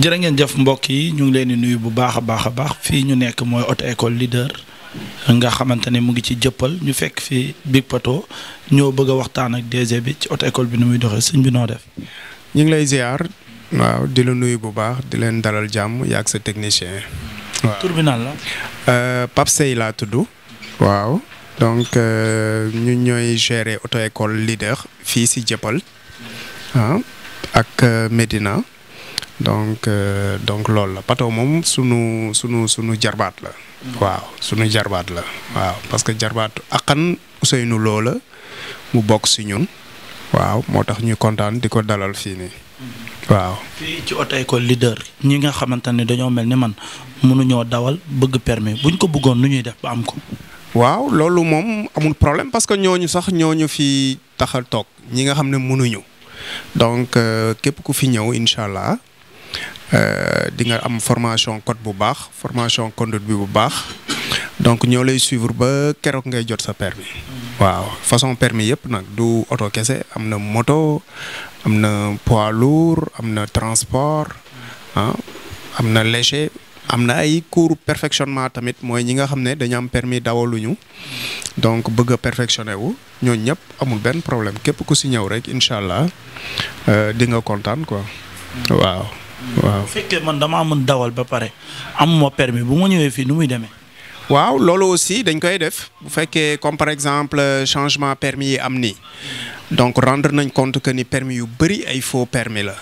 jërë ngeen jëf mbokk yi ñu ngi leen di nuyu bu baax a baax a baax fii ñu nekk mooy auto école leader nga xamante ne mu ngi ci jëppal ñu fekk fii Big Pato ñoo bëgg a waxtaan ak DG bi ci auto école bi nu muy doxee sëñ bi noo def. ñu ngi lay ziar waaw di la nuyu bu baax di leen dalal jàmm yaag sa technicien. waaw tur bi nan la. Euh, Pape laa tuddu waaw donc euh, ñu ñooy gérer auto école leader fii si jëppal ah, ak euh, Medina. donc euh, donc loolu la Pato moom sunu sunu sunu jarbaat la. waaw sunu jarbaat la. waaw parce que jarbaatu Akan Ousseynou Lo la mu bokk si ñun. waaw moo tax ñu kontaan di ko dalal fii nii. waaw. ci oto école leader ñi nga xamante ne dañoo mel ni man mënuñoo dawal bëgg permis buñ ko bëggoon nu ñuy def am ko. waaw loolu moom amul problème parce que ñooñu sax ñooñu fi taxal toog ñi nga xam ne mënuñu. donc euh, képp ku fi ñëw incha allah euh, di nga am formation code bu baax formation conduite bi bu baax donc ñoo lay suivre ba keroog ngay jot sa permis waaw façon permis yëpp nag du oto kese am na moto am na poids lourd am na transport ah, am na léger am na ay cour perfectionnement tamit mooy ñi nga xam ne dañu am permis dawaluñu donc bëgg a perfectionné wu ñooñu ñëpp amul benn problème képp ku si ñëw rek incha allah euh, di nga kontaan quoi hmm. waaw. waaw bu fekkee man dama amoon dawal ba pare amuma permis bu ma ñëwee fii nu muy demee. waaw loolu aussi dañ koy def bu fekkee comme par exemple euh, changement permis yi am nii donc rendre nañ compte que ni permis yu bëri ay faux permis la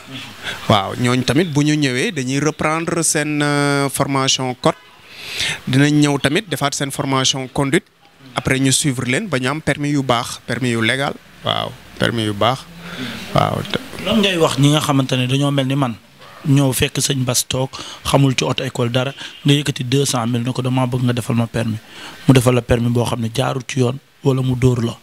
waaw ñooñ tamit bu ñu ñëwee dañuy reprendre seen euh, formation cote dinañ ñëw tamit defaat seen formation conduite après ñu suivre leen ba ñu am permis yu baax permis yu legal waaw permis yu baax waaw. lan ngay wax ñi nga xamante ne dañoo mel ni man. ñëw fekk sëñ Bas toog xamul ci auto école dara nga yëkkati deux cent mille ne ko damaa bëgg nga defal ma permis mu defal la permis boo xam ne jaarul ci yoon wala mu dóor la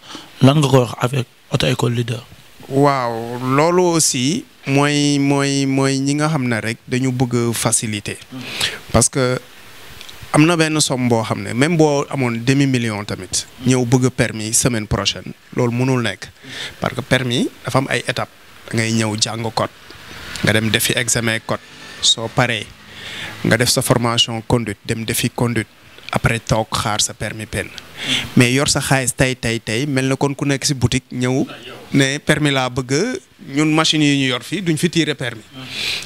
lan nga ko wax avec auto école leader. waaw loolu aussi mooy mooy mooy ñi nga xam ne rek dañu bëgg facilité parce que am na benn somme boo xam ne même boo amoon demi million tamit ñëw bëgg permis semaine prochaine loolu mënul nekk parce que permis dafa am ay étapes da ngay ñëw jàng code nga dem defi examen code soo paree nga def sa formation conduite dem defi conduite après toog xaar sa permis pen mais yor sa xaalis tey tey tey mel na kon ku nekk si boutique ñëw ne permis laa bëgg ñun machines yi ñu yor fii duñ fi tiire permis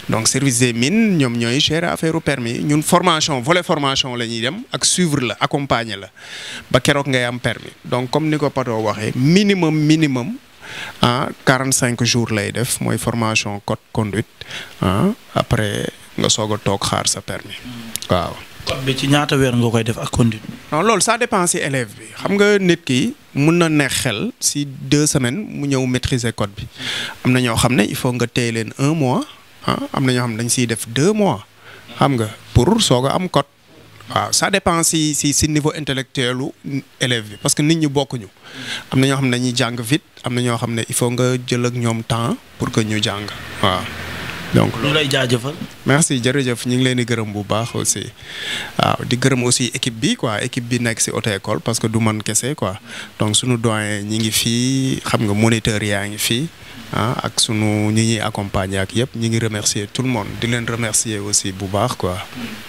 donc service des mines ñoom ñooy gérer affaire u ñun formation volet formation la ñuy dem ak suivre la accompagner la ba keroog ngay am permis donc comme ni ko Pato waxee minimum minimum quarante cinq jours lay def mooy formation code conduite ah après nga soog a toog xaar sa permis waaw. code bi ci ñaata weer nga koy def ak conduite. lool loolu ça élève bi xam nga nit ki mun na neex xel si deux semaines mu ñëw maitriser code bi am na ñoo xam ne il faut nga tey leen un mois ah, am na ñoo xam ne dañ siy def deux mois xam nga pour soog am code. waaw sa dépend si si si niveau intellectuel u élève bi parce que nit ñi bokkuñu. am na ñoo xam ne dañuy jàng vite am na ñoo xam ne il faut nga jël ak ñoom temps pour que ñu jàng waaw. donc ñu lay jaajëfal. merci jërëjëf ñu ngi leen di gërëm bu baax aussi waaw di gërëm aussi équipe bi quoi équipe bi nekk si auto école parce que du man kese quoi donc sunu doyen ñi ngi fii xam nga moniteur yaa ngi fii. ah ak sunu ñi ñuy accompagner ak yëpp ñu ngi remercier tout le monde di leen remercier aussi bu baax quoi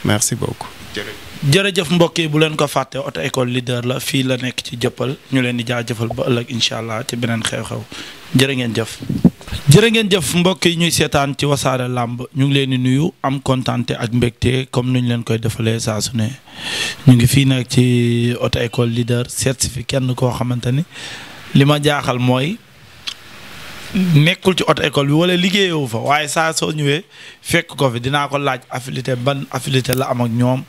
merci beaucoup. jërëjëf mbokk yi bu leen ko fàtte auto école leader la fii la nekk ci jëppal ñu leen di jëfal ba ëllëg incha allah ci beneen xew-xew jërë ngeen jëf. jërë ngeen jëf mbokk yi ñuy seetaan ci wasaare làmb ñu ngi leen di nuyu am kontante ak mbégte comme nuñ leen koy defalee saa su ne ñu ngi fii nag ci auto école leader certifié kenn koo xamante ni li ma jaaxal mooy. nekkul ci auto école bi wala liggéeyoo fa waaye saa soo ñëwee fekk ko fi dinaa ko laaj affilité ban affilité la am ak ñoom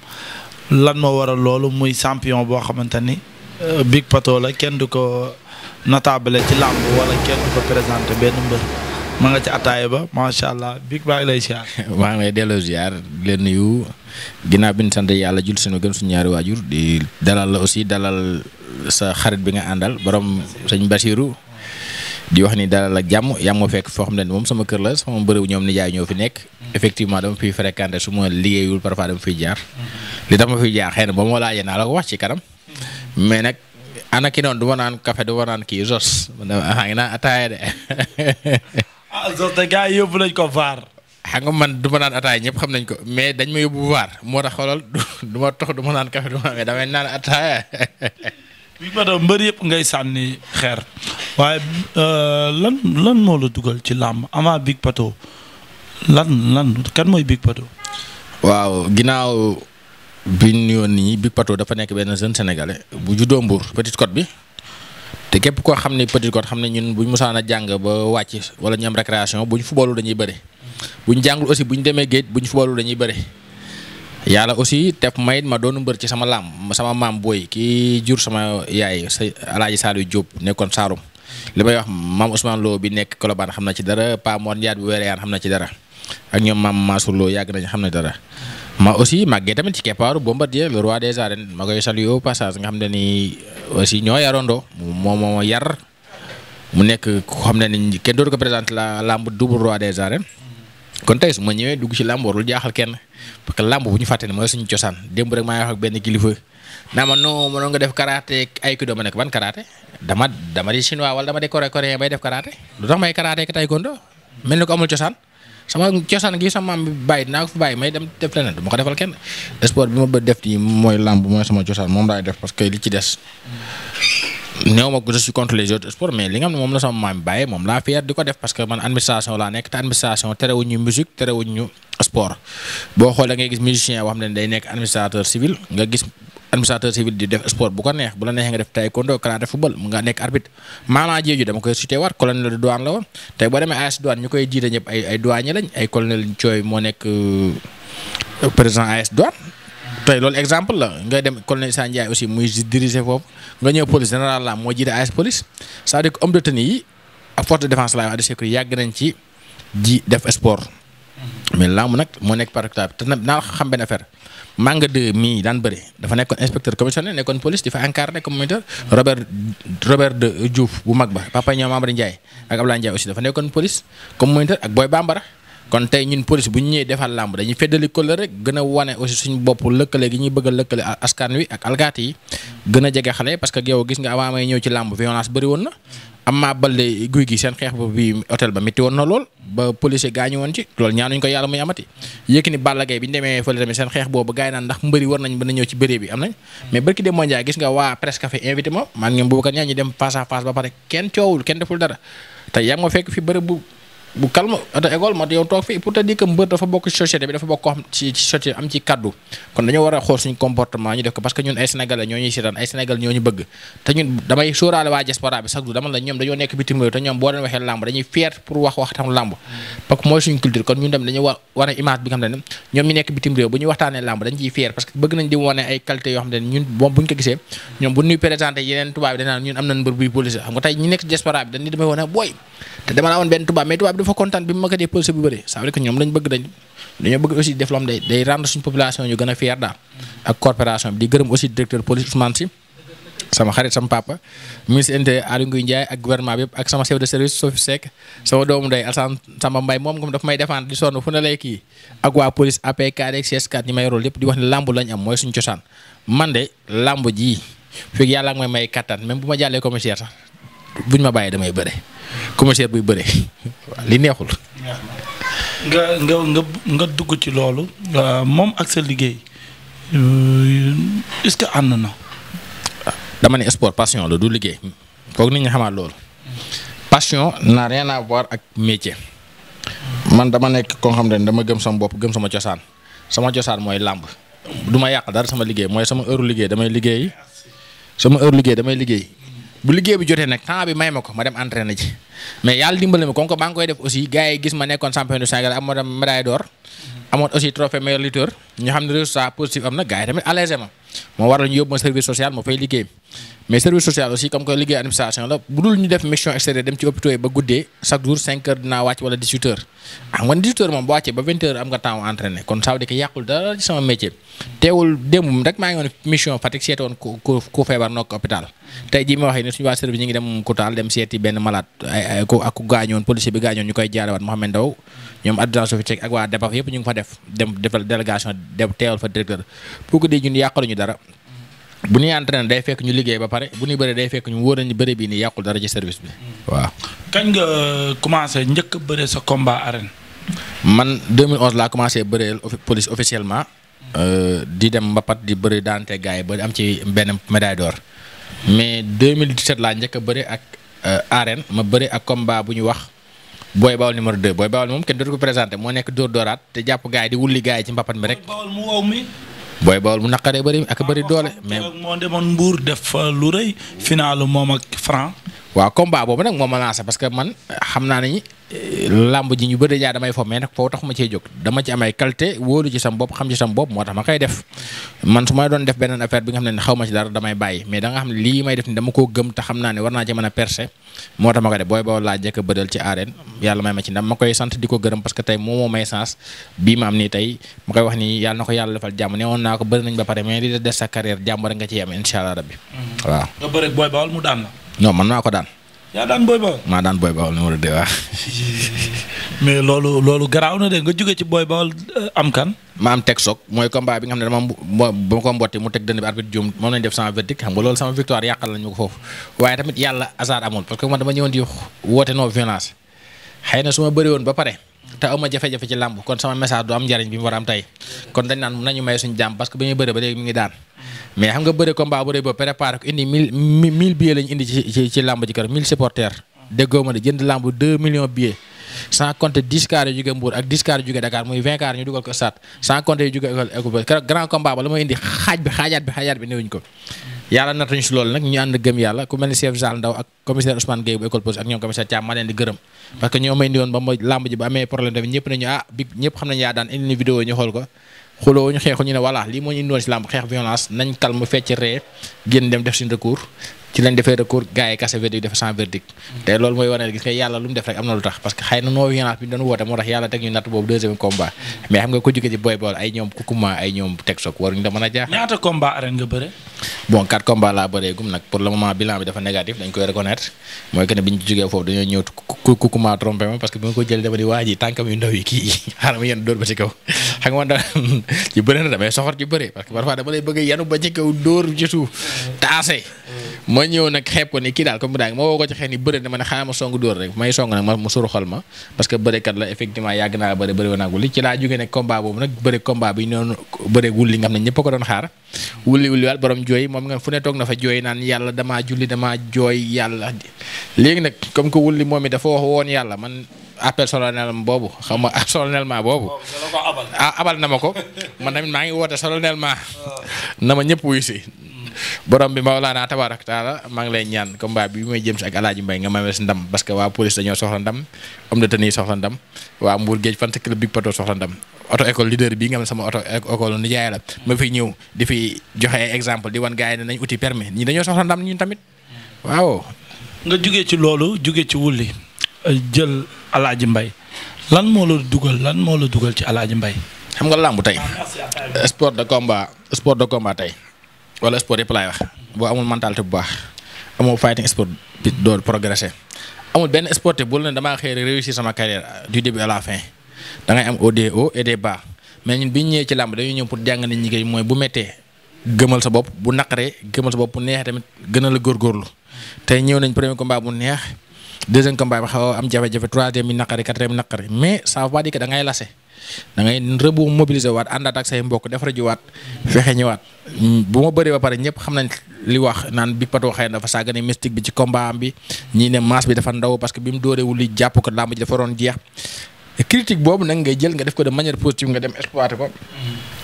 lan moo waral loolu muy champion boo xamante ni euh, Big Pato la kenn du ko notable ci làmb wala kenn du ko présenté benn mbër ma nga ci attaaya ba macha allah Big baa lay ziar. maa ngi lay delloo ziar leen nuyu ginnaaw bi ñu sant yàlla jul suñu gën suñu ñaari waajur di dalal la aussi dalal sa xarit bi nga àndal borom sañ Basiru di wax ni dalal ak jàmm yaa ma fekk foo xam ne moom sama kër la sama bërëb ñoom nijaay ñoo fi nekk. Mm-hmm. effectivement dama fiy fréquenté su ma liggéeyul parfois dama fiy jaar. Mm-hmm. li tax ma fiy jaar xëy na ba ma laajee naa la ko wax ci kanam. Mm-hmm. mais nag ana ki noonu du ma naan café du ma naan kii jos maa ah, ngi naan ataaya ah, ko vaar. xam nga du ma naan ataaya ñëpp xam nañ ko mais dañ ma yóbbu vaar moo tax xoolal du ma tox du ma naan café du ma naan damay naan ataaya. bi ma doon mbër yëpp ngay sànni xeer waaye euh, lan lan moo la dugal ci làmb avant Big Pato lan lan kan mooy Big Pato. waaw ginnaaw bi ñu yoon nii Big Pato dafa nekk benn jeune sénégalais bu juddoo Mbour Petite Côte bi te képp koo xam ne Petite Côte xam ne ñun buñ mosaan a jàng ba wàcc wala ñu am récréation buñ fubalu dañuy bëri buñ jàngul aussi buñ demee géej buñ fubalu dañuy bëri. yàlla aussi tef mayit ma doon mbër ci sama làmb sama maam booy kii jur sama yaay sa alaaji Saliou Diop nekkoon Saalum li may wax maam Ousmane Lo bi nekk Colobane xam na ci dara Pa Mor Ndiaye bu weereyaan xam na ci dara ak ñoom maam Mansour Lo yàgg nañu xam ne dara. ma aussi màggee tamit ci keppaaru Bombardier le roi des arènes ma koy salué au passage nga xam ne nii aussi ñoo yarandoo moom moo yar mu nekk ko xam ne ni kenn dootu ko présenté la làmb double roi des arènes. kon tey su ma ñëwee dugg ci làmb warul jaaxal kenn parce que làmb bu ñu fàtte ne mooy suñu cosaan démb rek maa ngi wax benn kilifa naa ma non mënoon nga def karaté aikido ma nekk ban karaté dama dama di chinois wala dama de coré coréen bay def karaté lu tax may karaté ak taekwondo mel ni ko amul cosaan sama cosaan gi sama maam bi bàyyi dinaa ko fi bàyyi may dem def leneen du ma ko defal kenn sport bi ma ba def nii mooy làmb mooy sama cosaan moom laay def parce que li ci des néew ma je suis contre les autres sports mais li nga xam ne moom la sama maam bàyyee moom laa fier di ko def parce que man administration laa nekk te administration terewuñ ñu musique terewuñ ñu sport boo xoolee da ngay gis musicien boo xam ne day nekk administrateur civil nga gis administrateur civil di def sport bu ko neex bu la neexee nga def taekwondo karaté football nga nekk arbitre maama jeeju dama koy cité waat colonel de douane la woon tey boo demee AS douane ñu ñëpp moo nekk euh, président tey loolu exemple la ngay dem colonel Issa Ndiaye aussi muy diriger foofu nga ñëw police général la moo jiite AS police c'est-à-dire que de tenue yi ak force de défense la waa de sécurité yàgg nañ ci ji def sport. mais làmb nag moo nekk par particulier te naa xam benn affaire Manga de mii daan bëri dafa nekkoon inspecteur commissionnaire nekkoon police di fa incarné comme moniteur Robert de Diouf bu mag ba papa ñoom Amady Ndiaye ak Abdoulaye Ndiaye aussi dafa nekkoon police comme moniteur kon tey ñun police bu ñu ñëwee defal làmb dañuy feddali kóllëre rek gën a wane aussi bopp lëkkale gi ñuy bëgg a lëkkale askan wi ak alkaati yi gën a jege xale parce que woon na Ama Baldé guy gi seen xeex ko yàlla muy amati Yékini Balla ndax mbëri war nañ mën a ñëw ci bëree bi am nañ mais barki dem mondiaay gis nga waa presse café invité ma maa ngi ñoom Boubacar ñu dem face à face ba pare kenn coowul kenn deful dara te yaa nga fekk fi bërëb bu bu calme ata école mat yow toog fii pour te dire que mbër dafa bokk ci société bi dafa bokk koo xam ci ci société am ci kaddu kon dañoo war a xool suñu comportement ñu def ko parce que ñun ay sénégalais ñoo ñuy seetaan ay sénégalais ñoo ñu bëgg te ñun damay sóoraale waa diaspora bi sax du dama la ñoom dañoo nekk bitim réew te ñoom boo leen waxee làmb dañuy fier pour wax wax tam làmb parce que mooy suñu culture kon ñun dem dañu war war a image bi nga xam ne ñoom ñu nekk bitim réew bu ñu waxtaanee làmb dañ ciy fier parce que bëgg nañ di wane ay qualité yoo xam ne ñun moom bu ñu ko gisee ñoom bu ñuy présenté yeneen tubaab yi dañ naan ñun am nañ mbër buy police xam nga tey ñu nekk diaspora bi dañ ni damay wane booy te dama la woon benn tubaab mais tubaab dafa kontaan bi mu ma ko déposé bu bëri ça veut dire ñoom dañ bëgg dañ dañoo bëgg aussi def day day rendre suñu population ñu gën a fier daal ak corporation bi di gërëm aussi directeur police Ousmane Sy sama xarit sama papa ministre intérieur ak gouvernement bi yëpp ak sama chef de service Sophie Seck may défendre di sonn fu ne lay kii ak waa police APK ak CS4 ñi may rôle yëpp di wax ne làmb lañ am mooy suñu cosaan man de làmb jii fekk yàlla ak may may kattan même bu ma jàllee commissaire sax buñ ma bàyyi damay bëre commissaire buy bëre li neexul. nga nga nga dugg ci loolu euh, moom ak sa liggéey euh, est-ce que ànd na. dama ne sport passion la du liggéey foog nit ñi xamaat loolu. passion n'a rien à voir ak métier. man dama nekk koo xam ne dama gëm sama bopp gëm sama cosaan sama cosaan mooy làmb du ma yàq dara sama liggéey mooy sama heure liggéey damay liggéey sama heure liggéey damay liggéey bu liggéey bi jotee nag temps bi may ma ko ma dem entraîné ji mais yàlla dimbali ma kon ko maa ngi koy def aussi gars gis ma nekkoon champion du Sénégal amoon na médaille d'or amoon aussi trophée meilleur lutteur ñu xam ne résultat positif am na gars ma service social ma fay liggéey mais service social aussi comme que liggéey administration la bu dul ñu def mission extérieure dem ci hôpitaux yi ba guddee chaque jour 5 heures dinaa wàcc wala 18 am nga temps entraîné kon ça veut dire que maa ngi mission Fatick seete woon ku ku tey jii ma waxee ne suñu waa service ñu ngi dem Koutal dem seeti benn malade ay ku ak ku gaañoon policier bi gaañoon ñu koy jaalewaat Mouhamed Ndaw ñoom adjudant yëpp ñu ngi fa def dem defal délégation dem teewal fa directeur pour que di dara bu ñuy entraîné day fekk ñu liggéey ba pare bu ñuy bëree day fekk ñu wóor nañu bëri bii nii yàqul dara ci service bi waaw. kañ euh, commencé njëkk a sa combat arène. man 2011 laa commencé bëree police officiellement. Euh, di dem mbapat di bëri daante gaay ba am ci benn médaille mais deux 2017 laa njëkk a bëri ak euh, arène ma bëri ak combat bu ñu wax Boy Baol numéro 2 booy Baol moom kenn dootu ko présenté moo nekk Dóor Dóoraat te jàpp gaay di wulli gaay yi ci mbapat mi rek. Boy Baol mu naqaree bëri ak bëri ah, doole. mais moo demoon Mbour def lu rëy. final moom ak Franc. waa combat boobu nag moom ma lancé parce que man xam naa ne làmb ji ñu bëri damay fo mais nag foo tax ma cee jóg qualité wóolu ci sam bopp xam ci sam bopp moo tax ma koy def man su ma doon def beneen affaire bi nga xam ne ni ma koy def di ko gërëm parce que tey moo may sens bii ma am nii tey ma koy wax ni yàlla na ko yàlla defal jàmm ne woon naa ko bëri ba pare mais li des sa carrière jàmm rek nga ciy am incha allah rabbi mhm. waaw non mën naa ko daan yaa daan Boy Baol. maa daan Boy Baol numéro 2 waaw. mais loolu loolu garaaw na de nga jóge ci Boy Baol euh, am kan. ma am teg soog mooy combat bi nga xam ne dama ba ma ko mbotti mu teg dënn bi arbitre juum moom lañ def sama verdict xam nga loolu sama victoire yàqal nañ ma ko foofu waaye tamit yàlla hasard amul parce que man dama ñëwoon di woote non violence xëy na su ma bëri woon ba pare. te aw ma jafe-jafe ci làmb kon sama message du am njariñ bi mu war a am tey kon dañ naan nañu may suñu jàmm parce que bi ñuy bëri ba léegi mi ngi daan mais xam nga bëre combat bu rëy ba préparé ko indi mille mille billets lañu indi ci ci ji keroog mille supporters. déggoo de jënd làmb deux millions billets. sans compter dix cars yu jóge Mbour ak dix cars yu jóge Dakar muy vingt cars ñu dugal ko stade sans compter yu jóge école école keroog grand combat la mooy indi xaaj bi xaajaat bi xaajaat bi néewuñ ko. yàlla natuñu si loolu nag ñu ànd gëm yàlla ku mel ni chef Zal Ndaw ak commissaire Ousmane Gueye bu école xuloo ñu xeexu ñu ne lii moo ñu indiwoon si làmb xeex violence nañ calme fecc ree génn dem def suñu recours ci lañ defee recours gars yi kase verdict def sans verdict mm. te loolu mooy wane gis nga yàlla lu def rek am na lu tax parce que xëy na non violence bi ñu doon woote moo tax yàlla teg ñu natt boobu deuxième combat mm. mais xam nga parce que bi ma ko jëlee damay soxor ci bëri parce que parfois dama bëgg yenu ba ci kaw dóor ci suuf mm. taase ma ñëw nag xeeb ko ni kii daal comme daal ma woo ko ci xel ni bëre na ma ne xanaa ma song dóor rek may song nag ma mu suruxal ma parce que bërekat la effectivement yàgg naa bëri bëri woon ak wulli ci laa jógee nag combat nag ne ñëpp ko doon xaar wulli wulli waat borom jooy moom nga fu ne toog na fa jooy naan yàlla damaa julli damaa jooy yàlla léegi nag comme que wulli moom i dafa wax woon yàlla man appel solennel boobu xam nga solennellement boobu ah abal na ma ko man tamit maa ngi woote solennellement na ma ñëpp wuyu borom bi Maolana tabaaraka taala maa ngi lay ñaan combat bi may jëm si ak Alaaji Mbay nga ma wes ndam parce que waa police dañoo soxla ndam homme de tenue soxla ndam waa Mbour Géej fan club Big Pato soxla ndam auto école leader bi nga xam ne sama auto école nijaay la ma fiy ñëw di fi joxe exemple di wan gaay yi ne nañ uti permis ñi dañoo soxla ndam ñun tamit waaw. nga jugee ci loolu jóge ci wulli euh, jël Alaaji Mbay lan moo la dugal lan moo la dugal ci Alaaji Mbay xam nga tey sport de combat sport de combat wala sport yëpp laay wax boo amul mentalité bu baax amoo fighting sport bi doo progresser amul benn sportif bu la ne damaa xëy réussir sama carrière euh, du début à la fin da am au des mais ñun bi ñu ñëwee ci làmb dañuy ñëw pour jàng nañ ñi mooy bu méttee gëmal sa bopp bu naqaree gëmël sa bopp bu neexee tamit gën a la góorgóorlu tey ñëw nañ premier combat bu neex deuxième combat bi xaw am jafe-jafe troisième bi naqari quatrième bi naqari mais ça veut ngay lase da ngay rëbu mobiliser waat àndaat ak say mbokk defar jiwaat fexe ñëwaat bu ma bëree ba pare ñëpp xam nañ li wax naan Big Pato xëy na dafa sàggane mystique bi ci combat am bi ñii ne masse bi dafa ndaw parce que bi mu dóorewul li jàpp ko làmb ji dafa doon jeex critique boobu nag ngay jël nga def ko de manière positive nga dem exploité ko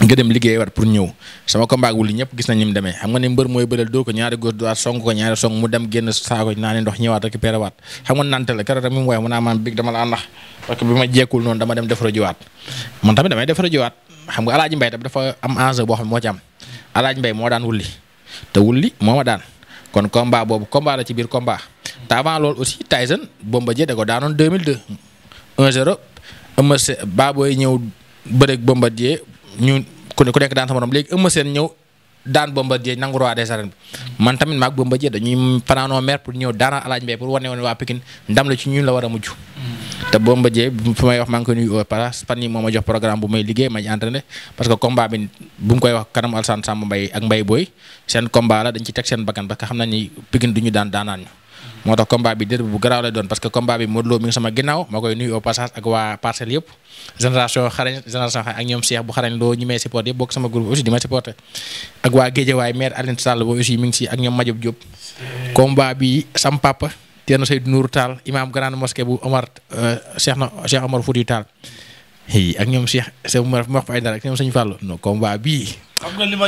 nga dem liggéey war pour ñëw sama combat wul ñëpp gis nañ ni demee xam nga ne mbër mooy bëral doo ko ñaari góor duwaat song ko ñaari song mu dem génn saako naa ndox ñëwaat récupéré waat xam nga nante la keroog tamit mu waaye mu naa maam big dama la nax parce que bi dem defara jiwaat man tamit damay defara jiwaat xam nga alaaji mbay tamit dafa am enjeu boo xam moo ci am mbay moo daan wulli te wulli moo ma daan kon la ci biir da ko Eumeu Sène Baboy ñëw bëreeg Bombardier ñu ku ne ku nekk daan sama morom léegi Eumeu Sène ñëw daan Bombardier nangu roi des arènes bi man tamit maag Bombardier dañuy fanaanoo mer pour ñëw daana alaaj mbay pour wane waa Pikine ndam la ci ñun la war a mujj. Mm. te Bombardier fu may wax maa ngi koy nuyu au parce que combat bi bu mu koy wax kanam Alsane Samba Mbaye ak Mbaye Boy seen combat la dañ ci teg seen bakkan parce que xam nañ ni Pikine du daanaan ñu. moo tax combat bi dér bu garaaw lay doon parce que combat bi Modou Lo mi ngi sama ginnaaw maa koy nuyu au passage ak waa parcelle yëpp génération xarañ génération xarañ ma supporté ak waa Guédiawaye maire Alioune Sall boobu euh, na Cheikh Omar Foutiyou Tall ak ñoom Cheikh Seydou ma wax fa ay dara ak ñoom bii.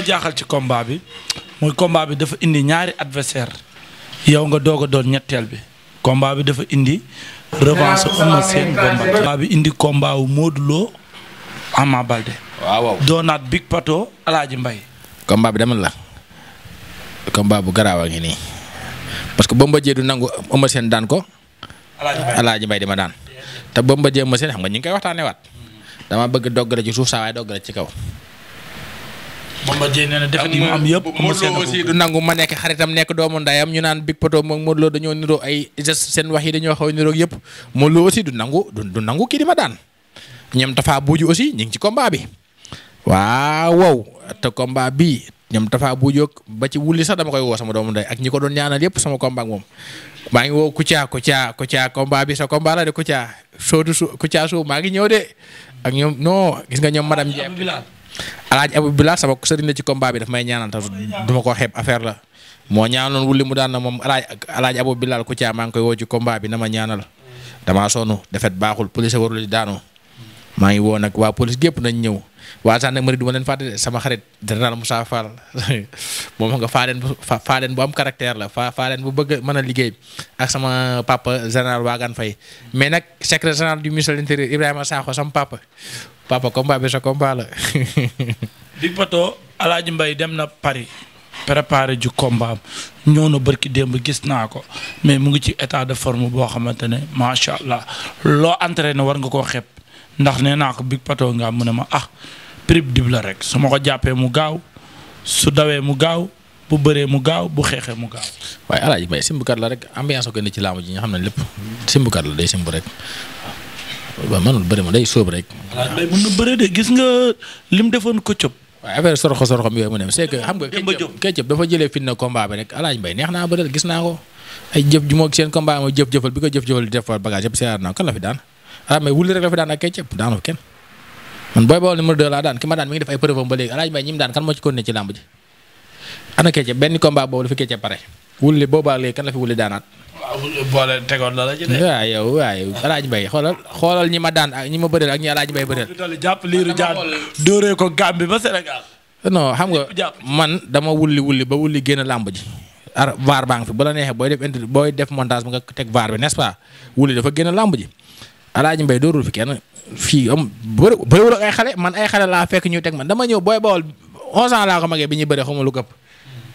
jaaxal ci combat bi mooy combat bi dafa indi ñaari adversaire yow nga doog a doon ñetteel bi combat bi dafa indi revanche Eumeu Sène bi indi combat wu Modou Lo Ama Baldé waaw doonaat Big Pato Alaaji Mbay combat bi dama na combat bu garaaw a ngi nii parce que Bombardier du nangu Eumeu Sène daan ko Alaaji Mbay di ma daan te Bombardier Eumeu Sène xam nga ñu ngi koy waxtaanee waat mm-hmm. dama bëgg dogg la ci suuf saa waaye dogg la ci kaw Bombardier nee na mu am yëpp Modou aussi du nangu ma nekk xaritam nekk doomu ndayam ñu naan Big moom Modou Lo dañoo niroo ay seen wax yi dañoo xaw a niroo yëpp du nangu du nangu kii daan ñoom Tafa Buuju aussi ñu ngi ci combat bi waaw wow te combat bii ñoom Tafa Buuju ba ci wulli sax dama koy woo sama doomu nday ak ñi ko doon ñaanal yëpp sama combat moom maa ngi woo Kouthia Kouthia Kouthia combat bi sa combat la de Kouthia soo su Kouthia su maa ngi ñëw de ak ñoom non gis nga ñoom madame Dieng alaaj Abu Bilal sama sëriñ la ci combat bi daf may ñaanal tax du ma ko xeeb affaire la moo ñaanaloon wulli mu daan na moom alaaj alaaj Abu Bilal ku caa maa ngi koy woo ci combat bi na ma ñaanal damaa sonn defet baaxul police warul di daanu maa ngi woo nag waa police gépp nañ ñëw waa gendarmerie du ma leen fàtte sama xarit général Moussa Fall moom nga faa leen bu am caractère la faa faa leen bu bëgg mën a liggéey ak sama papa général Wagan Faye mais nag papa combat bi sa combat la. Big Pato Alaaji Mbay dem na Paris préparé ju combat am ñëw na bërki démb gis naa ko mais mu ngi ci état de forme boo xamante ne macha allah loo ne war nga koo xeeb ndax nee naa ko Big Pato nga mu ne ma ah prib dib la rek su ma ko jàppee mu gaaw su dawee mu gaaw bu bëree mu gaaw bu xeexee mu gaaw. waaye Alaaji Mbay simbukat la rek ambiance ko ne ci laamu ji nga xam ne lépp simbukat la day simb rek. waaw manul bëri ma day sóob rek. waaw ah, na bëre gis nga lim defoon ko cëb. waaw affaire sorxo sorxom yooyu mu ne c'est que xam nga. Ketchup dafa jëlee alaaj neex naa bëre gis naa ko. ay jëf ju moog seen combat mooy jëf jëfal bi ko jëf jëfal di def bagage yëpp seeraat naa la fi daan alaaj ah, mbay wulli rek la fi daan daan ki ma daan mi ngi def ay preuve ba léegi alaaj mbay daan kan moo ci continuer ci làmb ji. ana Ketchup benn combat boobu la fi Ketchup pare wulli boobaa léegi kan la fi wulli daanaat. waaw tegoon na la ci de. waaw yow waaw Alaaji Mbaye ñi ma daan ñi ma bëreel ak ñi Alaaji Mbaye bëreel. jàpp liiru jaan dóoree ko Gambie ba Sénégal. no xam nga man dama wulli wulli ba wulli génn làmb ji. ar vaar baa ngi fi bu la neexee booy def booy def montage bi nga teg vaar bi n'est-ce pas wulli dafa génn làmb ji. Alaaji Mbaye dóorul fi kenn fii am bëri bëriwul ak ay xale man ay xale laa fekk ñu teg man dama ñëw booy bawol 11 ans laa ko magee bi ñuy bëree xamul lu këpp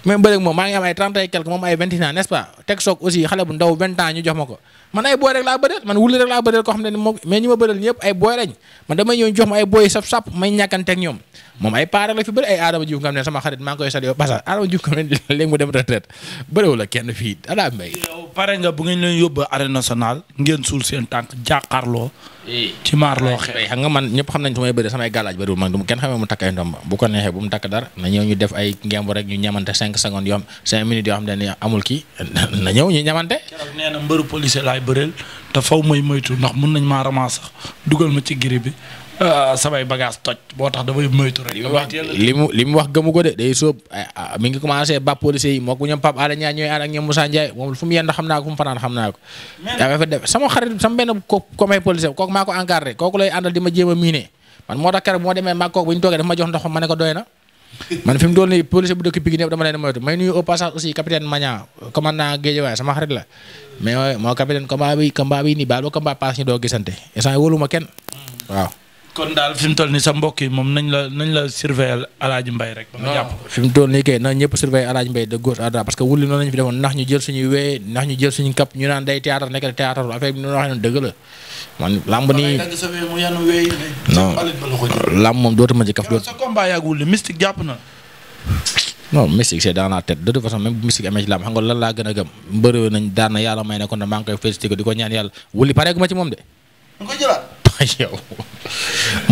même bëreeg moom maa ngi am ay trente quelque moom ay vingt pas teg soog aussi xale bu ndaw vingt ans ñu jox ma ko man ay booy rek laa bëreel man wuli rek laa bëreel koo xam ne ni moom mais ñi ma bëreel ñëpp ay booy lañ man damay ñëw jox ma ay moom ay paa rek la fi bëri ay aadama juuf nga ne sama xarit maa ngi koy sal yow passage aadama juuf nga xam ne léegi mu dem nationale ngeen suul seen tànk jàkkaarloo ci maar loo xeex xam nga man ñëpp xam nañ su may bëri samay gàllaaj bëriwul man kenn xamee mu takk ay ndomba bu ko neexee bu mu takk dara na ñëw ñu def ay ngemb rek ñu ñamante cinq secondes yoo cinq minutes yoo xam ne amul kii na ñëw ñu ñamante mbëru policier laay bëreel te faw may moytu ndax mun nañ maa ramas sax dugal ma ci giri Ah, samay bagage toj boo tax damay moytu rek. li wax gëmu de day sóob ah, ah, mi ngi ba policier yi moo ko ñoom Pape Alé Niang ñooy ànd ñoom Moussa a miine man moo ko man fi mu doon sama xarit la mais mooy capitaine combat bi combat bi nii baal ba combat paas ñu doo gisante instant wóolu ma kenn hmm. waaw kon daal fi mu toll nii sa mbokk yi moom nañ la nañ la surveiller Alaaji rek. ba nga jàpp fi mu toll nii kay na ñëpp surveiller Alaaji Mbaye de gauche à parce que wulli noonu lañu fi defoon ndax ñu la man làmb moom dootuma ci kaf doot. sa jàpp na. non mystique c'est dans la tête de toute façon même bu mystique amee ci làmb xam nga lan laa gën a gëm mbërëw nañ daan yàlla may ne kon di ko ñaan yàlla wulli pareegu ma ci moom de. yow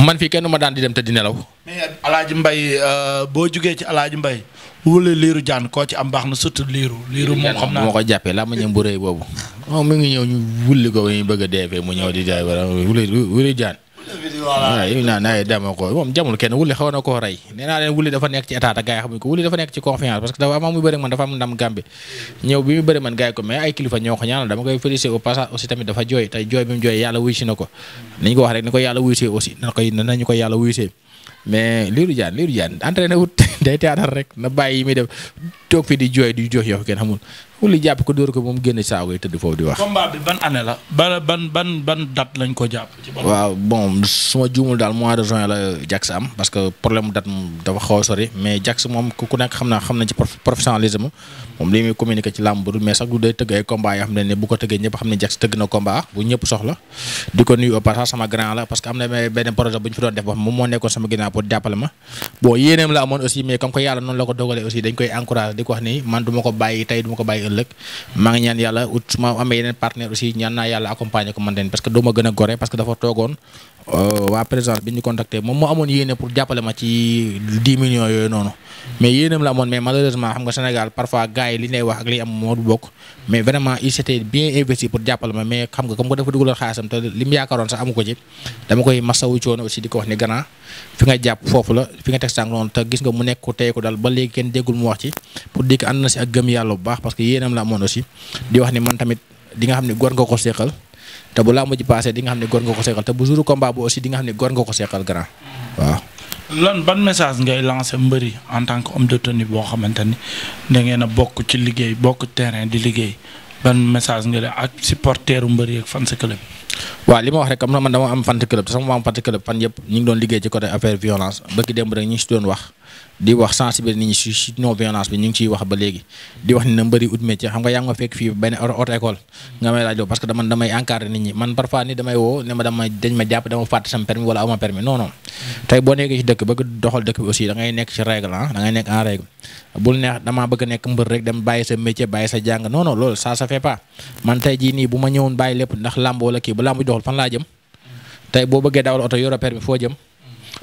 man fii kenn ma daan di dem te di nelaw. mais Alaaji Mbay euh, boo jugee ci Alaaji Mbay wala liiru jaan koo ci am baax na surtout liiru. liiru moom xam naa moo ko jàppee laa ma ñëw bu rëy boobu. moom mu ngi ñëw ñu wulli ko ba ñu bëgg a dee mu ñëw di jaay wala wuli wuli jaan. waaw yooyu ah, naa naa dama ko moom jamul kenn wuli xaw na rey nee naa leen dafa nekk ci état ak yi xamuñ ko wuli dafa nekk ci confiance parce que dafa muy bëri man dafa am ndam gàmbi ñëw bi mu bëri man gars yi ko mais ay kilifa ñoo ko ñaanal dama koy féliciter au passage aussi tamit dafa jooy tey jooy bi mu jooy yàlla wuy si na ko niñ ko wax rek ni ko yàlla wuy see aussi na koy nañu wuy see mais Lirou Diane Lirou Diane wut day théâtre rek na bàyyi yi def toog wuli jàpp ko dóor ko moom génn saago yi tëdd foofu di wax. bon su ma juumul daal mois de la Jax am parce que problème date dafa xaw sori mais Jax moom ku nekk xam naa xam nañ ci professionnalisme moom li muy communiqué ci làmb mais sax du day tëgg ay combat yoo xam ne ne bu ko tëggee ñëpp xam ne Jax tëgg na combat bu ñëpp soxla di ko nuyu au passage sama grand la parce que am na benn projet bu ñu fi doon def ba moo nekkoon sama ginnaaw pour jàppale ma bon tey ëllëg maa ñaan yàlla su ma amee yeneen partenaire aussi ñaan naa yàlla accompagner ko man den parce que doo ma gën a gore parce que dafa toogoon Euh, waa présidence bi ñu contacté moom moo amoon yéene pour jàppale ma ci 10 millions yooyu noonu mais yéeneem la amoon mais malheureusement xam nga Sénégal parfois gars yi li lay wax ak li am moo du bokk mais vraiment il s'était bien investi pour jàppale ma mais xam nga comme que dafa dugaloon xaalisam te li yaakaaroon sax amu ko ci dama koy masawu coono aussi di ko wax ni gannaaw fi nga jàpp foofu la fi nga teg sànq noonu te gis nga mu nekk ko tey ko daal ba léegi kenn déggul mu wax bu baax parce que yéeneem la amoon aussi di nga xam ne góor nga ko seqal te bu làmb ji paasee di xam ne góor nga ko seqal te bu jour combat bu aussi di xam ne góor nga ko seqal grand waaw. lan ban message ngay lancer mbëri en tant que homme de tenue boo xamante ni da ngeen bokk ci liggéey bokk terrain di liggéey ban message nga ak supporteru mbëri ak fans club. waaw li ma wax rek am na dama am fans club sama ma am fans club fan yëpp ñu ngi doon liggéey ci côté affaire violence bëgg démb rek ñu ngi di wax sensibiliser nit ñi si si violence bi ñu ngi ciy wax ba léegi di wax ni na mbëri ut métier xam nga yaa ngi ma fekk fii benn haute école nga may laaj loolu parce que dama damay encadrer nit ñi dama dëkk bëgg doxal dëkk bi aussi da nekk ci règle ah da ngay nekk en règle bul neex damaa bëgg nekk mbër rek dem bàyyi sa métier bàyyi sa jàng non non loolu ça ça pas man tey jii nii bu ma ñëwoon bàyyi lépp ndax làmb wala kii bu làmb doxal fan laa boo bëggee dawal oto yoro permis foo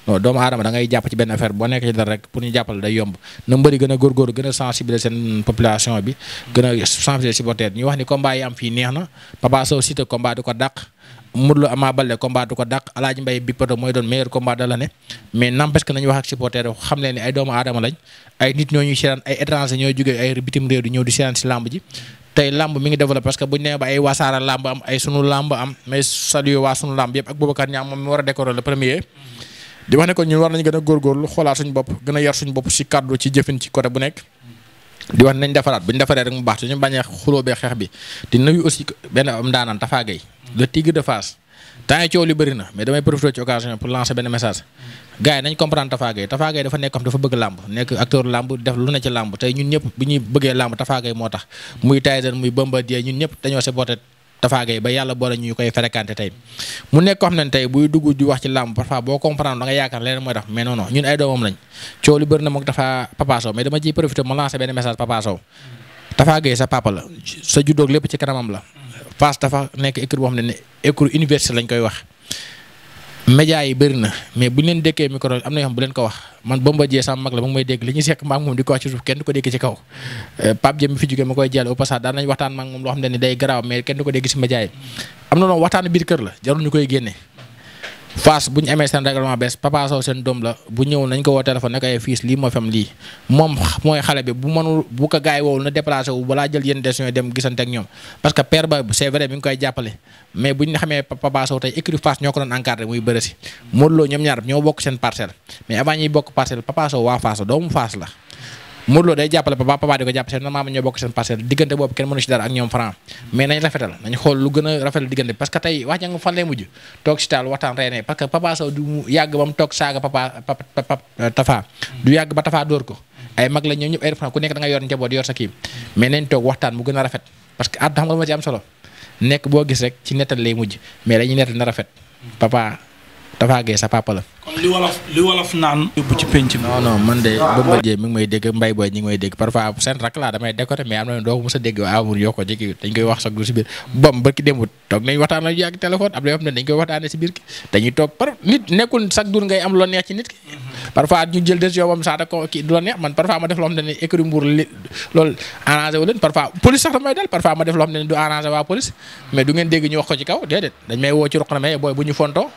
non doomu aadama da ngay jàpp ci benn affaire boo nekk ci dara rek pour ñu jàppale day yomb na mbëri gën a góorgóorlu gën a sensibiliser seen population bi gën a sensibiliser supporter ñu wax ni combat yi am fii neex na Papa Sow Siteu combat ko dàq Modou Lo Ama Baldé combat du ko dàq Alaaji Mbaye Big Pato mooy doon meilleur combat de l'année mais n'empêche nañu wax ak supporter xam leen ne ay doomu aadama lañ ay nit ñoo ñuy seetaan ay étranger ñooy jógee ay bitim réew di ñëw di seetaan si làmb ji tey lamb mi ngi développé parce que bu ñu nee ba ay wasaara lamb am ay sunu lamb di wax ne kon ñun war nañ gën a góorgóorlu xoolaat suñ bopp gën a yar suñ bopp si kàddu ci jëfin ci côté bu nekk di wax nañ defaraat buñ defaree rek mu baax suñu bañee xuloo ci occasion pour lancer benn message gars yi nañ comprendre Tafa Gueye dafa nekk am dafa bëgg làmb nekk acteur làmb def lu ne ci làmb tey ñun ñëpp bu ñuy bëggee làmb Tafa moo tax muy Tyson muy Bombardier ñun ñëpp dañoo supporté Tapha Gueye ba yàlla boole ñu koy fréquenté tey mu nekk koo xam ne tey buy dugg di wax ci làmb parfois boo comprendre da nga yaakaar leneen mooy tax mais non ñun ay doomam lañ coow lu bëri na moog mais dama ciy profité ma lancé benn message Papa Sow Tapha sa papa la sa juddoog lépp ci kanamam la Fass dafa nekk écurie boo lañ koy wax média yi bëri na mais bu ñu leen dékkee micro am na yoo xam bu leen ko wax man Bombardier sama mag la mu may dégg li ñu sekk maak moom di ko wax ci suuf kenn du ko dégg ci kaw euh, Pape Diém mi fi jógee ma koy jël au passage daan nañ waxtaan maak moom loo xam ne ni day garaaw mais kenn du ko dégg ci média yi am na noonu waxtaanu biir kër la jarul ñu koy génne Fass bu ñu amee seen règlement bees Papa Sow seen doom la bu ñëw nañ ko woo téléphone ne ko ay fiis lii moo fam lii moom mooy xale bi bu mënul bu ko gaay woowul na déplacé wu balaa jël yenn décision yi dem gisante ak ñoom parce que père ba c'est vrai mi koy jàppale mais bu ñu xamee Papa Sow tey écurie Fass ñoo ko doon encadré muy bëre si Modou ñoom ñaar ñoo bokk seen parcelle mais avant ñuy bokk parcelle Papa Sow waa Fass doomu Fass la Modou Lo day jàppale papa papa di ko jàpp seen maam ñoo bokk seen parcelle diggante boobu kenn mënu ci dara ak ñoom franc mais nañ rafetal nañ xool lu gën a rafetal diggante parce que tey wax nga fan lay toog waxtaan mu gën a rafet parce que at xam nga ma ci am solo nekk boo gis rek ci nettal lay mujj mais dañuy nettal na rafet papa Tapha Gueye sa papa li wolof naan. yóbbu ci penc mi. non man de Bamba Dieng mi ngi dégg Mbaye Boy ñi ngi dégg parfois seen rak laa damay décoté mais mais booy bu ñu fontoo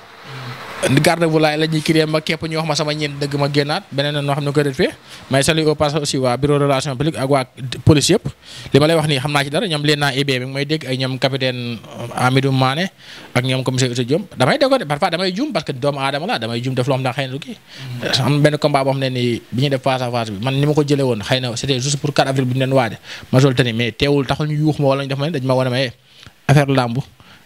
garde bu laay la ñuy créé ma képp ñu wax ma sama ñeent dëgg ma génnaat beneen noo xam ne ko def fee may salut au passage aussi waa bureau relation publique ak waa police yëpp li ma lay wax nii xam naa ci dara ñoom leen naa IB mi may dégg ay ñoom capitaine euh, Amidou Mané ak ñoom ko de parfois mm. xam ne nii bi ñuy def face à face bi man ni ma ko jëlee woon xëy na c'était juste pour 4 avril bi ñu leen waaje ma sol tani mais teewul taxul ñu yuux ma wala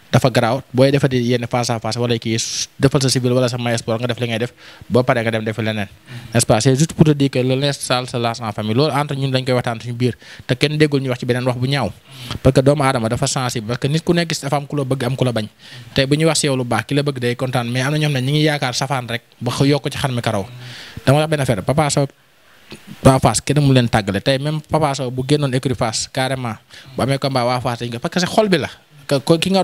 dafa garaaw booy defati yenn face à face wala kii defal sa civil wala sa may sport nga def li ngay def boo paree nga dem defi leneen n'est-ce juste pour te dire que le linge sale se lave en famille loolu entre ñun dañ koy waxtaan suñu biir te kenn déggul ñu wax ci beneen wax bu ñaaw parce que doomu aadama dafa sensible parce que nit ku nekk dafa am ku la bëgg am ku la bañ tey bu ñuy wax si yow lu baax ki la bëgg day kontaan mais am na ñoom ne ki nga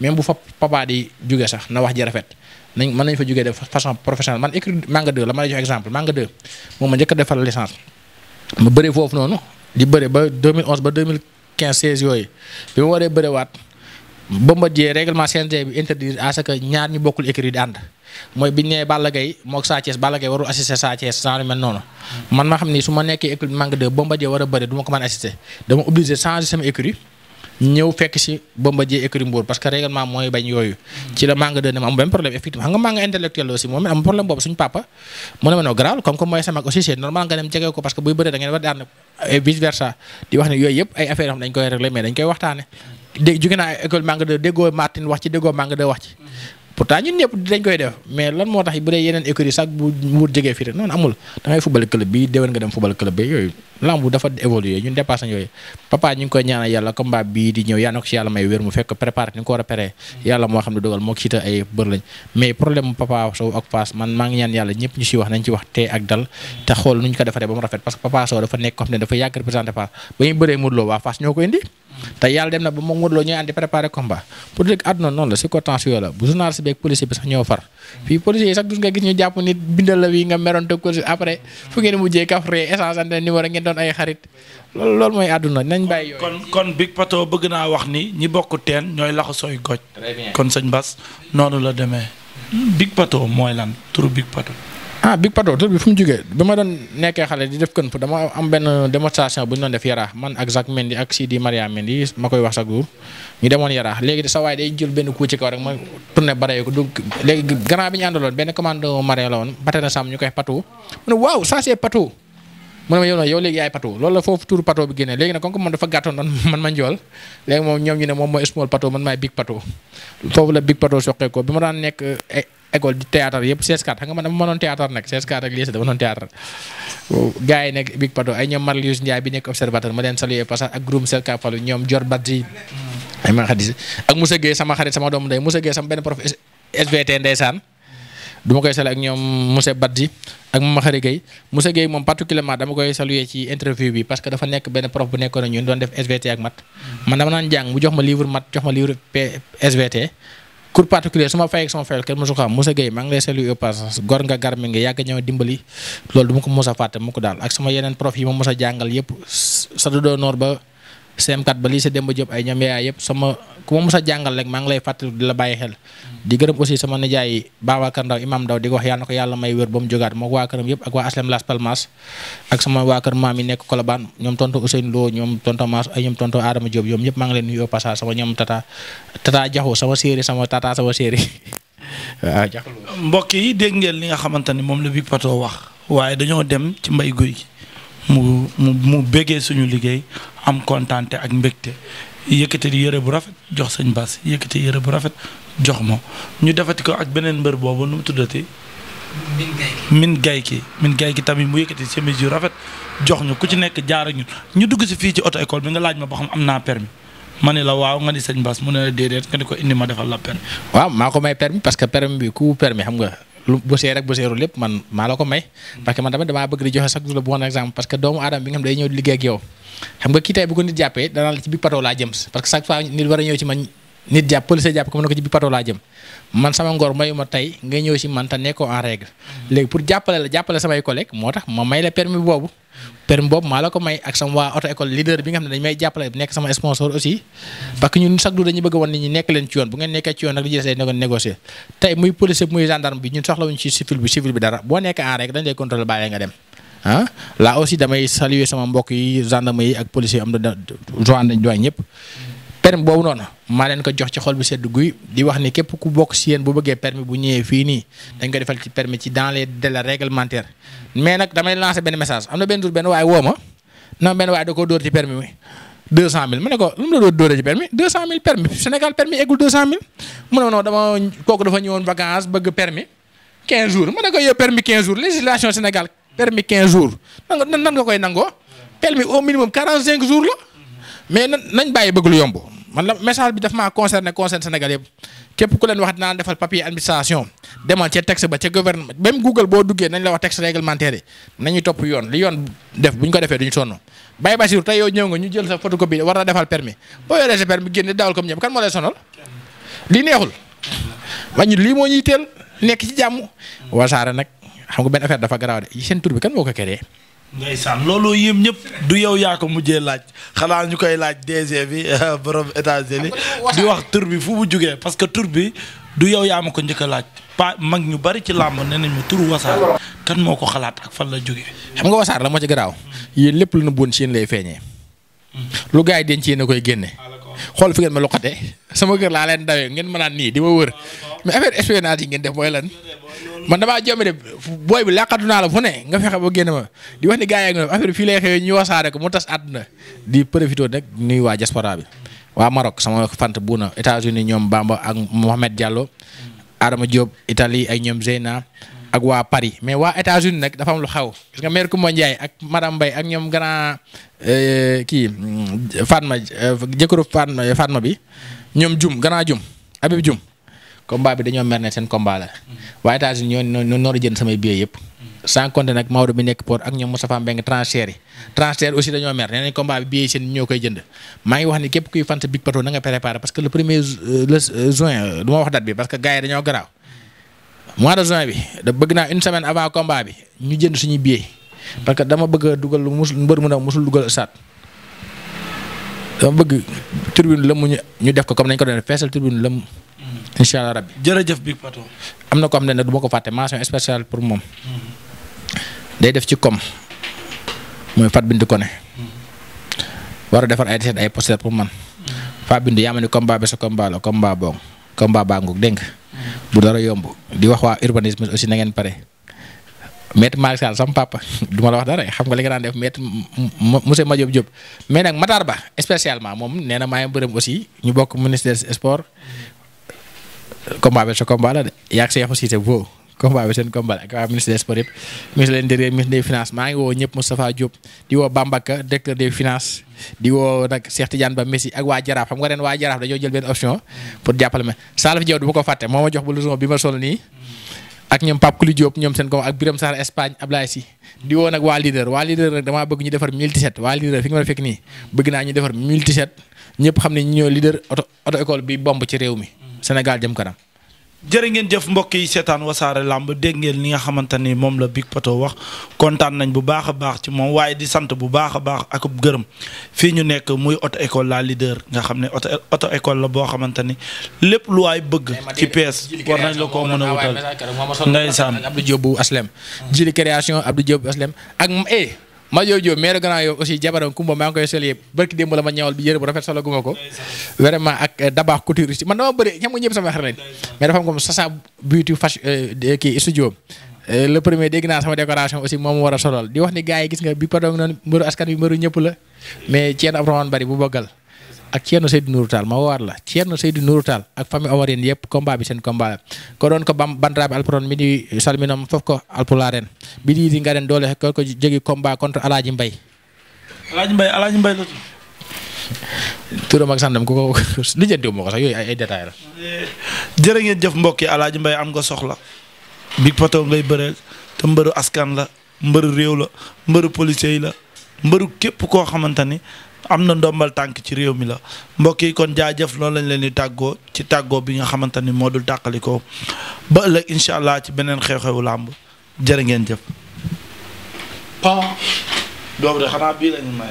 même bu fa papa di jóge sax na wax ji rafet nañ mën nañ fa jógee de façon professionnelle man écrit Manga 2 la ma lay jox exemple Manga 2 moom ma njëkk a defal licence ma bëri foofu noonu di bëri ba 2011 ba 2015 16 yooyu bi ma waree bëri bëriwaat Bombardier règlement CNG bi interdire à ce que ñaar ñu bokkul écrit di ànd mooy biñ nee Balla Gaye moog Sa Thiès Balla Gaye warul assister Sa Thiès genre mel noonu man ma xam ni su ma nekkee écrit Manga 2 Bombardier war a bëri du ma ko mën assister dama obligé changer sama ñëw fekk si Bombardier écurie Mbour parce que règlement mooy bañ yooyu ci la Manga 2 ne ma am benn problème effectivement xam nga Manga intellectuel aussi moom am problème boobu suñu papa mu ne ma noo garaawul comme que mooy sama aussi normal nga dem jege ko parce que buy bëre da war daan et vice versa di wax ne yooyu yëpp ay affaire xam dañ koy régler dañ koy waxtaane dégg naa école Manga 2 déggoo Martin wax ci déggoo Manga 2 wax pourtant ñun ñëpp dañ koy def mais lan moo tax bu dee yeneen écurie sax bu wut jegee fii rek noonu amul dafa évolué ñun dépassé nañ yooyu papa ñu koy ñaanal yàlla combat bii di ñëw yaa na ko si yàlla may wér mu fekk préparé ni ko war yàlla moo xam ne dogal moo sita ay bër mais problème papa Sow ak Fass man maa ngi ñaan yàlla ñëpp ñu si wax nañ ci wax tee ak dal te xool nuñ ko defaree ba mu rafet parce que papa Sow dafa nekk ko xam te yàlla dem na ba moom Modou Lo ñooy àndi préparé combat pour dëgg àdduna noonu la circonstance la bu journaliste beeg policier bi sax ñoo far fii policier yi sax dus nga gis ñu jàpp nit bindal la wi nga meronte ko après fu ngeen mujjee kafre essence ante numéro ngeen doon ay xarit loolu loolu mooy àdduna nañ bàyyi yooyu. kon Big Pato bëgg naa wax ni ñi bokk teen ñooy laxasooy goj kon sëñ Bass noonu la demee Big Pato mooy lan turu Big Pato ah Big Pato tur bi fu mu jógee bi ma doon nekkee xale di def kënp dama am benn démonstration bu doon def yaraax man ak Jacques Mendy ak Sidi Maria Mendy ma koy wax sa góor ñu demoon yaraax léegi sa waay day jël benn coup ci kaw rek ma tourné baree ko du léegi grand bi ñu àndaloon benn commande marin la woon bate na sàmm ñu koy Pato mu ne waaw ça c'est Pato mu ne ma yow yow léegi yaay Pato loolu la foofu tur Pato bi génnee léegi nag comme que man dafa gàttoon moom ñoom ñu ne moom mooy small Pato daan nekk eh, école di théâtre yëpp CS4 xam nga man dama mënoon théâtre nag CS4 ak lycée dama mënoon théâtre gars yi nekk Big Pato ay ñoom Marius Ndiaye bi nekk observateur ma leen saluer passage ak groupe Serka Fallou ñoom Dior ak Moussa Gueye xarit sama doomu ndey Moussa Gueye sama benn dama koy saluer ci interview bi parce que dafa nekk benn prof bu nekkoon ñun doon def SVT ak mat man dama naan jàng mu jox ma livre mat jox ma livre SVT cour particulier sama fay ak sama fayal kenn mosu ko xam Moussa Gueye maa ngi lay saluer gor nga gar mi yàgg ñëw dimbali loolu du ma ko mos fàtte mu daal ak sama yeneen prof yi ma mos jàngal yëpp sa dodonoor ba CM4 ba lii sa Demba Diop ay ñoom yaay yëpp sama ku ma mos a jàngal rek maa ngi lay fàttali di la bàyyi xel di gërëm aussi sama nijaay Babacar Ndaw imam Ndaw di ko wax yàlla na ko yàlla may wér ba mu jógaat moo ko waa yi nekk Colobane ñoom tonto Maas ay ñoom tonto Adama Diop ñoom ñëpp maa leen nuyu au passage sama ñoom tata tata jaxu sama séeri sama tata sama séeri waaw yi dégg ngeen li nga xamante ni moom la Big Pato wax waaye mu mu béggee suñu liggéey am kontaante ak mbégte yëkkati yére bu rafet jox sañ Bass yëkkati yëre bu rafet jox ma ñu defati ko ak beneen mbër boobu nu mu tuddati. min gay ki min gay ki tamit mu yëkkati chemise yu rafet jox ñu ku ci nekk jaar ñu ñun ñu dugg si fii ci auto école bi nga laaj ma ba xam am naa permis ma ne la waaw nga ni sañ Bass mu ne la déedéet nga ni ko indi ma defal la permis waaw maa ko may permis parce que permis bi ku permis xam nga. lu bësee rek bëseeru lépp man maa la ko may parce que man tamit damaa bëgg di joxe chaque jour le bon exemple parce que doomu aadama bi nga xam day ñëw liggéey ak yow xam nga kii tey bu nit jàppee danaa la ci big pato jëm parce que chaque fois nit war a ñëw ci man nit jàpp police jàpp ko mën ko ci big pato jëm man sama ngor mayu tey nga ñëw ci man te nekkoo en règle mm. léegi pour jàppale la jàppale samay collègue moo tax ma may la permis boobu permis boobu maa la ko may ak sama waa auto école leader bi nga xam ne dañ may jàppale nekk sama sponsor aussi parce que ñun chaque jour dañuy bëgg a wan nit nekk leen ci yoon bu ngeen nekkee ci yoon nag li ci day négocier tey muy policier muy gendarme bi ñun soxlawuñ ci civil bi dara boo nekkee en règle dañ lay contrôler bàyyi nga dem ah aussi damay saluer sama mbokk yi gendarme yi ak policier am na joan dañ permis boobu noonu maa leen ko jox ci xol bu sedd guy di wax ni képp ku bokk si yéen bu bëggee permis bu ñëwee fii nii dañ ko defal ci permis ci dans les délais réglementaires mais nag damay lancer benn message am na benn jour benn waaye woo ma benn waaye da koo dóor ci permis bi ne ko lu mu ne non dama kooku dafa ñëwoon vacances bëgg permis 15 jours ma ne ko yow permis 15 jours législation Sénégal permis 15 jours nan nga koy nangoo mais nañ bàyyi bëgg lu yomb man la message bi daf maa concerné concerne Sénégal yëpp képp ku leen wax dinaa defal papier administration demal ca texte ba ca gouvernement même Google boo duggee nañ la wax texte réglementaire yi nañuy topp yoon li yoon def bu ñu ko defee duñu sonn Baye Bassirou tey yow ñëw nga ñu jël sa photocopie war na defal permis boo yoree sa permis génne dawal comme ñëpp kan moo lay sonal lii neexul ma ñu lii moo ñuy teel nekk ci jàmm wasaare nag xam nga benn affaire dafa garaaw bi kan moo ndeysaan loolu yim ñëpp du yow yaa ko mujjee laaj xanaa ñu koy laaj DG bi borom États-Unis di wax tur bi fu mu jugee parce que tur bi du yow yaa ma ko njëkk a laaj pa mag ñu bari ci làmb nee nañ ma turu wasaar kan moo ko xalaat ak fan la jógee. xam nga wasaar la moo ci garaaw. yéen lépp lu nëbboon ci yéen lay feeñee. lu gars yi denc yéen a koy génne. Ah, xool fi ngeen ma loqate sama kër laa leen dawee ngeen mën a nii di ma wër ah, mais affaire espionnage yi ngeen def man damaa jommi de booy bi laqatu naa la fu ne nga fexe ba génn ma di wax ni gars yi nga def lay xewee ñu wasaare ko mu tas àdduna di profité nag nuyu waa diaspora bi waa Maroc sama fant bu na États-Unis ñoom Bamba ak Mohamed Diallo Adama Diop Italie ay ñoom Zeyna ak waa Paris mais waa États-Unis nag dafa am lu xaw gis nga maire Koumba ak madame Mbaye ak ñoom grand euh, kii Fatma euh, jëkkëru Fatma Fatma bi ñoom Jum grand Jum Habib Jum combat bi dañoo mer ne seen combat la waa États-Unis ñoo ñoo noor a jënd samay billets yëpp sans compter nag Maodo bi nekk port ak ñoom Moustapha Mbengue transfert yi transfert aussi dañoo mer nee nañ combat bi billets seen ñoo koy jënd maa ngi wax ni képp kuy fan sa Big Pato na nga parce que le premier euh, euh, juin euh, du wax date bi parce que gars dañoo garaaw mois de juin bi da bëgg naa une semaine avant combat bi ñu jënd suñu billet parce que dama a incha allah rabbi jërëjëf Big am na ko xam ne nag du ma ko fàtte mention spéciale pour moom. day def ci com mooy Fat Bindu Koné. war a defar ay tiset ay poster pour man. Fat Bindu yaa ma ni combat bi sa combat la combat boog combat baa bu dara yomb di wax waa urbanisme aussi na ngeen pare. maître Malick Sall sama papa du ma la wax dara xam nga li nga daan def maître monsieur ma Diop mais nag Matar Ba spécialement moom nee na maa ngi aussi ñu bokk ministère sport combat bi sa combat la de yaag Cheikhou Cissé boo combat bi seen combat ma Salif nii ak ñoom Pape Kouly Diop ñoom seen combat ak Birame Espagne Ablaye Sy di woo nag waa leader waa leader nag damaa bëgg ñu defar 1017 fi nga ma fekk nii bëgg naa ñu defar 1017 ñëpp xam ne ñu ñoo leader auto école bi bomb ci réew mi Sénégal jëm kanam. jërë ngeen jëf mbokk yi seetaan wasaare làmb dégg ngeen li nga xamante ni moom la Big Pato wax kontaan nañ bu baax a baax ci moom waaye di sant bu baax a baax ak gërëm fii ñu nekk muy auto école la leader nga xam ne auto auto école la boo xamante ni lépp lu waay bëgg. ci PS war nañ la koo mën a wutal. ndeysaan Abdou Diop bu Aslem. Jili création Abdou Diop bu Aslem ak eh. Madiop Diop maire Grand Yoff aussi jabaram Kumba maa ngi koy sel yëpp barki démb la ma ñëwal bi yére bu rafet solo guma ko vraiment ak euh, dabaax couture man dama bëri xam nga ñëpp sama xarit mais dafa am comme Sasa beauty fashion euh, kii studio euh, le premier dégg naa a solol di wax ni gars yi gis nga bi padong noonu mbëru askan bi mbëru ñëpp la mais ceen Abdourahmane Bari bu boggal ak Thierno Seydou Nourou Tall ma woowaat la Thierno Seydou Nourou Tall ak famille Omarien yëpp combat bi seen combat la ko doon ko bam bandiraɓe alpuron midi salminom fof ko alpularen la jërë ngeen mbokk yi Aladji am nga soxla Big Pato ngay bëreel te mbëru askan la mbëru réew la mbëru policier la mbëru képp koo xamante ni am na ndombal tànk ci réew mi la mbokk yi kon jaajëf lool lañ leen di tàggoo ci tàggoo bi nga xamante ni moo dul tàqalikoo ba ëllëg incha allah ci beneen xew-xewu làmb jërë ngeen jëf. pa doom de xanaa bii lañu may